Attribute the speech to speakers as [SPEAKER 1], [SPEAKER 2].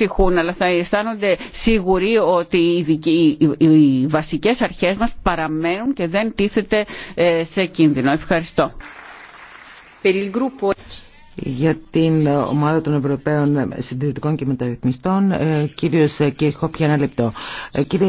[SPEAKER 1] ψυχούν, αλλά θα αισθάνονται σίγουροι ότι οι βασικές αρχές μας παραμένουν και δεν τίθεται ε, σε κίνδυνο. Ευχαριστώ.
[SPEAKER 2] Για την ομάδα των Ευρωπαίων Συντηρητικών και Μεταρρυθμιστών, ε, κύριος Κυρχόπ, για ένα λεπτό. Ε,